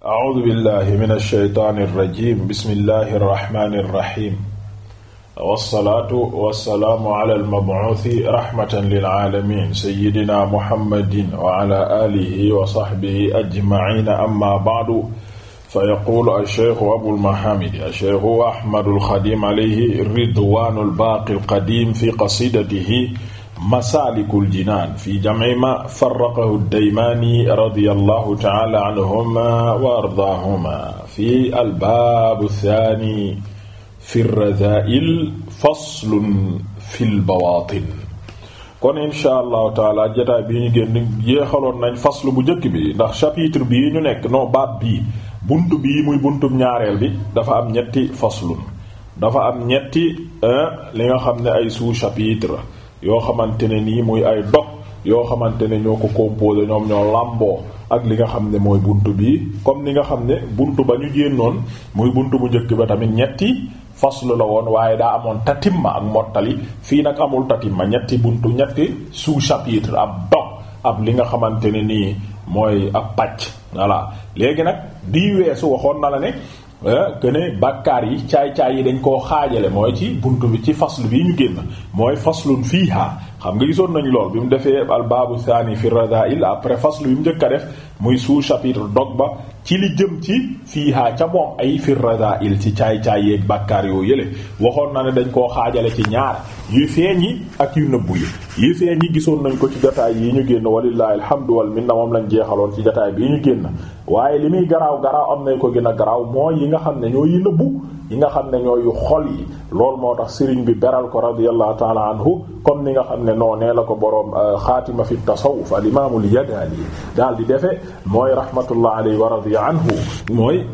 أعوذ بالله من الشيطان الرجيم بسم الله الرحمن الرحيم والصلاة والسلام على المبعوث رحمة للعالمين سيدنا محمد وعلى آله وصحبه أجمعين أما بعد فيقول الشيخ أبو المحامد الشيخ أحمد الخديم عليه رضوان الباقي القديم في قصيدته masaalikul jinaan fi jam'i ma farraqahu ad-Daymaani radiyallahu ta'ala anhuma wa ardaahuma fi al-baab ath-thaani fi ar-razaa'il faslun fil kon insha allahu taala jotaay bii ñu génn jeexaloon nañ faslu bu njëkk bi ndax chapitre bi ñu nekk non baab bi buntu bii muy buntum ñaareel bi dafa am ñetti faslun dafa am ñetti li nga xam ne ay sous-chapitre yoo xamante ne nii muy ay dog yoo xamante ne ñoo ko composé ñoom ñoo làmboo ak li nga xam ne mooy buntu bii comme li nga xam ne buntu ba ñu génnoon muy buntu bu njëkk ba tamit ñetti faslu la woon waaye daa amoon tatimma ak mottali fii nag amul tatimma ñetti buntu ñetti sous-chapitre ab dog ab li nga xamante ne nii mooy ab pàcc voilà léegi nag di weesu waxoon na la ne Eh, que ne bàkkaar yi caay-caay yi dañ koo xaajale mooy ci buntu bi ci faslu bi ñu génn mooy faslun fii fiiha xam nga gisoon nañu lool bi mu defee al baabu thani fi radail après faslu bi mu njëkk a def muy suuf chapitre dog ba ci li jëm ci fiihaa ca moom ay firradail ci caay-caay yeeg bàkkaar yoo yële waxoon naa ne dañ koo xaajale ci ñaar yu feeñ yi ak yu nëbbu yi yi feeñ yi gisoon nañ ko ci jotaay yi ñu génn walillahi alhamdu wal minna moom lañ jeexaloon ci jotaay bi ñu génn waaye li muy garaaw garaaw am nañ ko gën a garaaw mooy yi nga xam ne ñoo yi nëbbu yi nga xam ne ñooy yu xol yi loolu moo tax sëriñ bi beral ko radiyallahu taala anhu comme ni nga xam ne noo nee la ko boroom euh, xaatima fi tasawuf al imaamul yadaali daal di defe mooy rahmatullah alayhi wa anhu mooy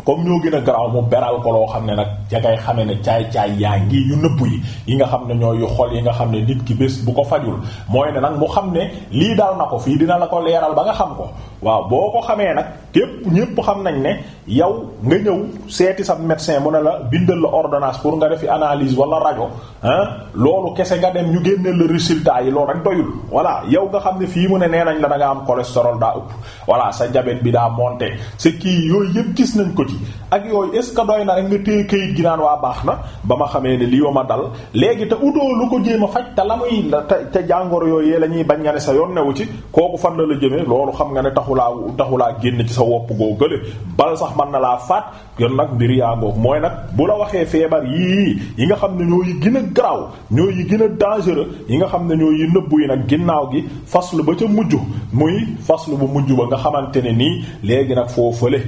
comme ñoo gën a garaaw mu beral ko loo xam ne nag ca kay xamee ne caay-caay yaa ngi yu nëbbu yi yi nga xam ne ñooy yu xol yi nga xam ne nit ki bés bu ko fajul mooy ne nag mu xam ne lii daal na ko fii dina la ko leeral ba nga xam ko waaw boo xamee nag képp ñépp xam nañ ne yow nga ñëw seeti sa médecin mu ne la bindal la ordonnance pour nga defi analyse wala rajo ah loolu kese nga dem ñu génneel la résultat yi loolu rek doyul voilà yow nga xam ne fii mu ne nee nañ la da nga am cholestérol daa ëpp voilà sa diabète bi daa monté c'est kii yooyu yëpp gis nañ ko ci ak yooyu est ce que doy na rek nga téye kayit gi naan waa baax na ba ma xamee ne lii wa ma dal léegi te utoo lu ko jéem a faj te la muy te te jàngoro yooyu la ñuy bañ nga sa yoon newu ci kooku fan la la jëmee loolu xam nga ne taxulaa taxulaa génn ci sa wopp goo gële bal sax man na laa faat kon nag mbir yaa ngoog mooy nag bu la waxee feebar yii yi nga xam ne ñoo yi gën a garaaw ñoo yi gën a dangereux yi nga xam ne ñoo yi nëbbu yi nag ginnaaw gi faslu ba ca mujj muy faslu bu mujj ba nga xamante ne nii léegi nag foo fële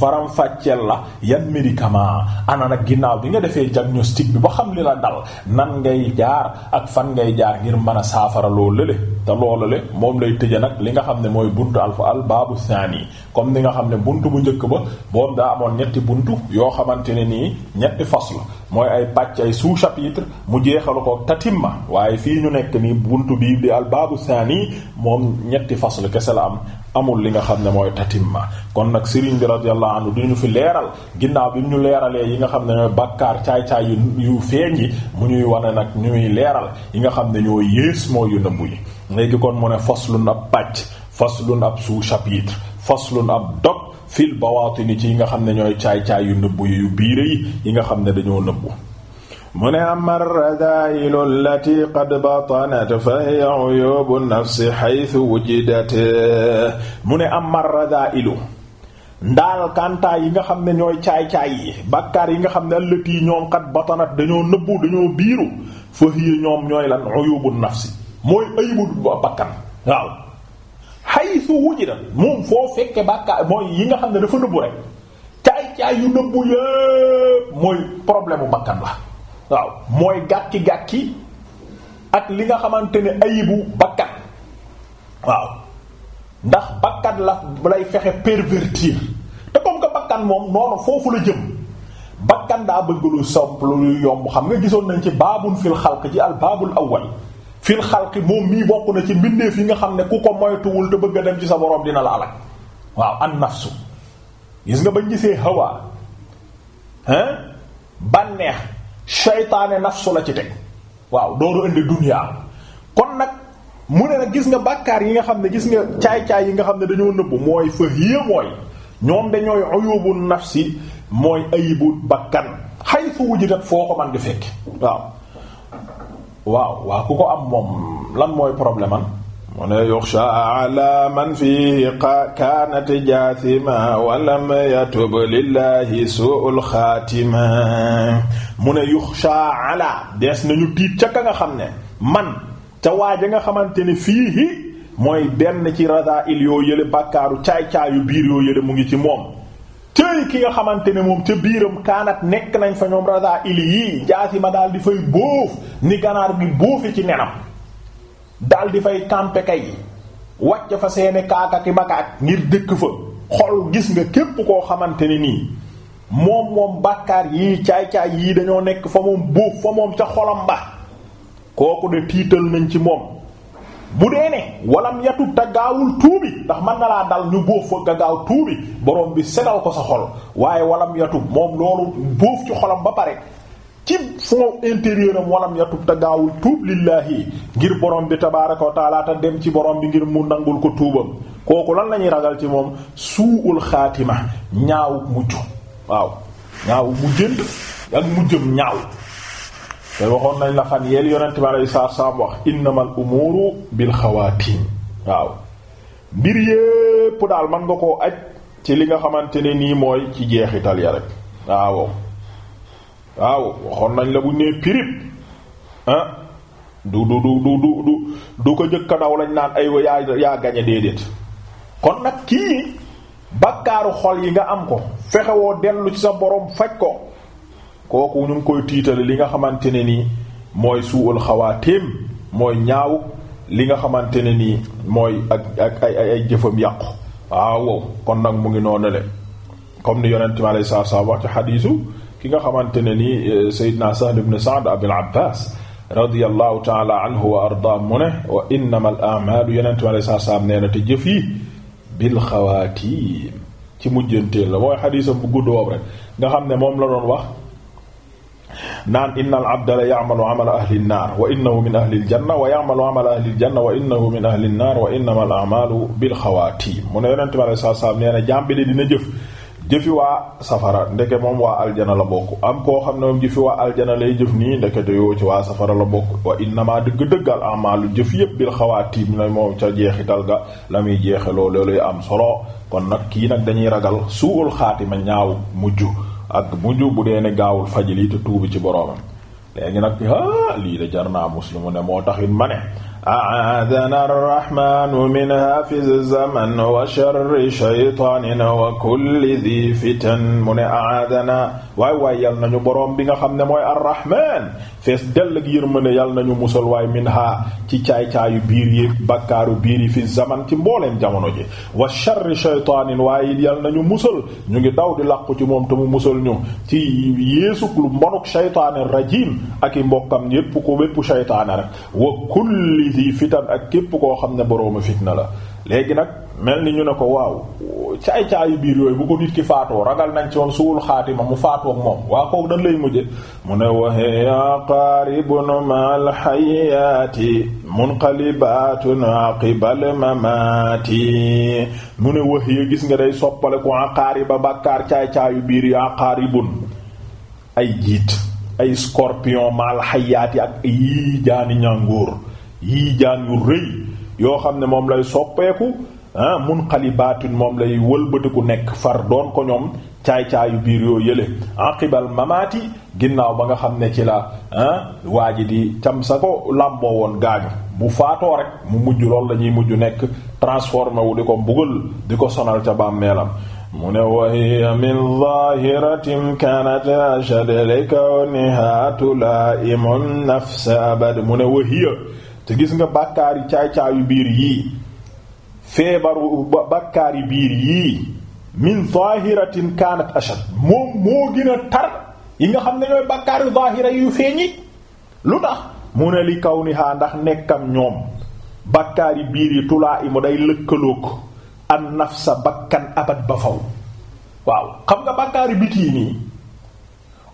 faram fàcceel la yan médicament ana nag ginnaaw bi nga defee diagnostic bi ba xam li la dal nan ngay jaar ak fan ngay jaar ngir man a saafara loolu lële te loolu le moom lay tëje nag li nga xam ne mooy buntu alfa al baabu saani comme ni nga xam ne buntu bu njëkk ba boobu daa amoon ñetti buntu yoo xamante ne nii ñetti fasl mooy ay pàcc ay sous mu jeexalu ko tatimma waaye fii ñu nekk nii buntu bii di al baabu saani moom ñetti fasl kese la am amul li nga xam ne mooy tatimma kon nag Serigne bi radiyallahu anhu du ñu fi leeral ginnaaw bi ñu leeralee yi nga xam ne ñooy bàkkaar caay-caay yu yu feeñ yi mu ñuy wane nag ñuy leeral yi nga xam ne ñoo yées mooy yu nëbbu yi léegi kon mu ne faslun ab pàcc faslun ab sous-chapitre faslun ab dog fil bawaatini ci yi nga xam ne ñooy caay-caay yu nëbbu yu biire yi yi nga xam ne dañoo nëbbu mu ne amma radaa'ilu allati qad batanat fa hiya uyubu nafsi haythu wujidat mu ne amma radaa'ilu ndaal kantaa yi nga xam ne ñooy caay-caay yi bàkkaar yi nga xam ne allati ñoom qad batanat dañoo nëbbu dañoo biiru fa hiya ñoom ñooy lan uyubu nafsi mooy ayibu bakkan waaw xaysu wujida moom foo fekkee bàkkaar mooy yi nga xam ne dafa nëbbu rek caay-caay yu nëbbu yëpp mooy problème bu bakkan la waaw mooy gàkki-gàkki ak li nga xamante ne ayibu bakkan waaw ndax bakkan la lay fexe pervertir te comme que bakkan moom noonu foofu la jëm bakkan daa bëgg lu somp lu yomb xam nga gisoon nañ ci baabul fil xalq ci al baabul awwal fil xalqi moom mii bokk na ci mbindeef yi nga xam ne ku ko moytuwul te bëgg a dem ci sa borom dina la alal waaw an nafsu gis nga bañ gisee hawa hein bànneex seytaane nafsu la ci teg waaw dooru indi duniyaa kon nag mu ne nag gis nga bàkkaar yi nga xam ne gis nga caay-caay yi nga xam ne dañoo nëbb mooy fa hiya ñoom dañooy uyubu nafsi mooy ayibu bakkan xaytu wujudat foo ko man di fekk waaw waaw waa ku ko am moom lan mooy problème am mu ne yuxsha ala man fihi kaanat jaathima walam yatub lillahi suul xaatima mu ne yuxsha des dees nañu tiit ca nga xam ne man ca waaja nga xamante ne fiihi mooy benn ci radail yoo yële bàkkaaru caay-caayu biir yoo yële mu ngi ci moom tey ki nga xamante ne moom ca biiram kaanat nekk nañ fa ñoom raza ili yi jaasi ma daal di fay bóof ni ganaar gi bóofe ci nenam daal di fay campe kay wàcc fa seeni kaakaki bakaak ngir dëkk fa xol gis nga képp koo xamante ne nii moom moom bàkkaar yii caay-caay yii dañoo nekk fa moom bóof fa moom ca xolam ba kooku de tiital nañ ci moom bu dee ne walam yatub te gaawul tuubi ndax mën na laa dal ñu bóof fa nga gaaw tuubi borom bi setal ko sa xol waaye walam yatub moom loolu bóof ci xolam ba pare ci fond intérieur am walam yatub te gaawul tuub lillaahi ngir borom bi tabaaraka wa taala dem ci borom bi ngir mu nangul ko tuubam kooku lan la ñuy ragal ci moom suul xaatima ñaaw mujj waaw ñaaw mujjënd ak mujjëm ñaaw te waxoon nañ la fan yeel yonent bi aleyhi salaatu salaam wax innamal umuuru bil xawaatim waaw mbir yépp daal mën nga koo aj ci li nga xamante ne nii mooy ci jeexital ya rek waaw waaw waxoon nañ la bu nee pirip ah du du du du du du ko jëkka daw lañ naan ay yaa yaa gañe déedéet kon nag kii bakkaaru xol yi nga am ko fexewoo dellu ci sa borom faj ko kooku ñu ngi koy tiitale li nga xamante ne nii mooy suul xawaatim mooy ñaaw li nga xamante ne nii mooy ak ak ay ay jëfam yàqu waaw kon nag mu ngi noonu le comme ni yonent mi alayhi salaatu salaam ki nga xamante ne nii e, Seydina Sahl ibn Sa'd Abul Abbaas radiyallahu taala anhu wa arda mu ne wa innamal a'maalu yonent mi alayhi salaatu salaam nee na te jëf yi bil xawaatim ci mujjanteel la mooy xadiisam bu gudd woowu rek nga xam ne moom la doon wax. naan inna al abda la ya'malu 'amala ahli an-naar wa innahu min ahli al-janna wa ya'malu 'amala ahli al-janna wa innahu min ahli an-naar wa innama al a'malu bil xawaatim mu ne yonente bi alayhi salaam nee na jàmbale dina jëf jëfi waa safara ndeke moom waa aljana la bokk am koo xam ne moom jëfi waa aljana lay jëf nii ndeke te yoo ci waa safara la bokk wa innama dëgg-dëgg al amalu jëf yëpp bil xawaatim la moom ca jeexital ga la muy jeexeloo looluy am solo kon nag kii nag dañuy ragal suul xaatima ñaaw mujj ak mujj bu dee ne gaawul faj lii te tuubi ci boroomam léegi nag ah lii de jar naa muslimu ne moo taxit ma ne aadana arrahmanu min hafiz zaman wa sharri shaytanin wa kulli dhi fitan mu ne aadana waaye waay yal nañu borom bi nga xam ne mooy arrahman fees dell ak yërmande yal nañu musal waay minha ci caay-caayu biir yi bakkaaru biir yi fi zaman ci mbooleen jamono ji wa sharri shaytaanin waaye yal nañu musal ñu ngi daw di làqu ci moom te mu musal ñu ci yéesuk lu mbonuk shaytaani rajim ak i mbokkam yépp ko bépp shaytaane rek wa kulli di fitan ak képp koo xam ne boroomu fitna la léegi nag mel ni ñu ne ko waaw caay caayu biir yooyu bu ko nit ki faatoo ragal nañ ci moom suwul xaatima mu faatoog moom waa kooku dañ lay mujje mu ne waxe ya qaribun mal xayaati mu ne wax gis nga day soppale ku aqaariba bàkkaar caay caayu biir yu aqaaribun ay jiit ay scorpion mal xayaati ak yii jaani ñàngoor yu rëy yoo xam ne moom lay soppeeku ah munqalibaatun moom lay wëlbatiku nekk far doon ko ñoom caay-caayu biir yoo yële aqibal mamaati ginnaaw ba nga xam ne ci la ah waa ji di cam sa ko làmboo woon gaañu bu faatoo rek mu mujj lool lañuy ñuy mujj nekk transformé wu di ko mbugal di ko sonal ca bàmmeelam mu ne wa hiya min zahiratin kanat ashad likawniha tulaimun nafsa abad mu ne wa te gis nga bàkkaar yi caay-caayu biir yii feebaru bàkkaar yi biir yii min zahiratin kanat ashad moom moo gën a tar yi nga xam ne ñooy bàkkaar yu zahira yu feeñi lu tax mu ne li kaw ni haa ndax nekkam ñoom bàkkaar biir yi tulaa imu day lëkkaloog an nafsa bakkan abad ba faw waaw xam nga bàkkaar yi nii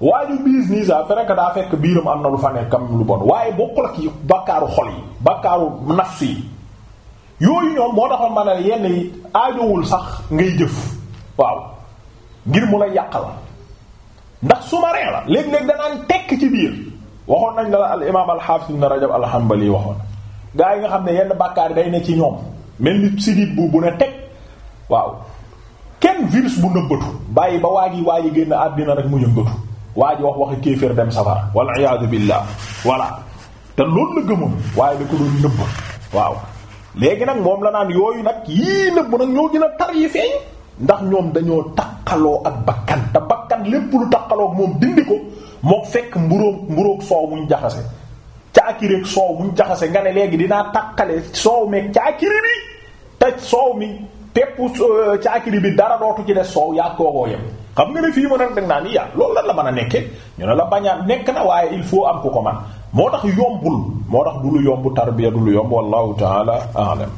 waaye ju biis nii sax fekk daa fekk biiram am na lu fa nekkam lu bon waaye bokkul ak yi bakkaaru xol yi bakkaaru nafs yi yooyu ñoom moo taxoon ma a yenn yi aajowul sax ngay jëf waaw ngir mu a yàq la ndax sous-marin la léeg-léeg danaan tekk ci biir waxoon nañ la al imaam al hafiz ne rajab al hanbali waxoon gaa yi nga xam ne yenn bàkkaar day ne ci ñoom mel ni sidit bu bu ne teg waaw kenn virus bu nëbbatu bàyyi ba waa yi waa ji génn àddina rek mu yëngatu waa ji wax waxi kéeféer dem safara wal iyaadu billah voilà te loolu la gëmoon waaye da ko doon nëbb waaw léegi nag moom la naan yooyu nag yii nëbb nag ñoo gën a tar yi feeñ ndax ñoom dañoo takkaloo ak bakkan te bakkan lépp lu takkaloo moom dindi ko moo fekk mburoog mburook soow muñ jaxase caakireeg soow muñ jaxase nga ne léegi dinaa takkale soow meeg caakiri bi te soow mi peppu euh, caakiri bi dara dootu ci des soow yaa kookoo yem xam nga ne fii mën a dag naa ni yaa loolu lan la mën a nekke ñu ne la bañaan nekk na waaye il faut am ku ko man moo tax yombul moo tax du lu yomb tarbiya du lu yomb wallahu taala aalam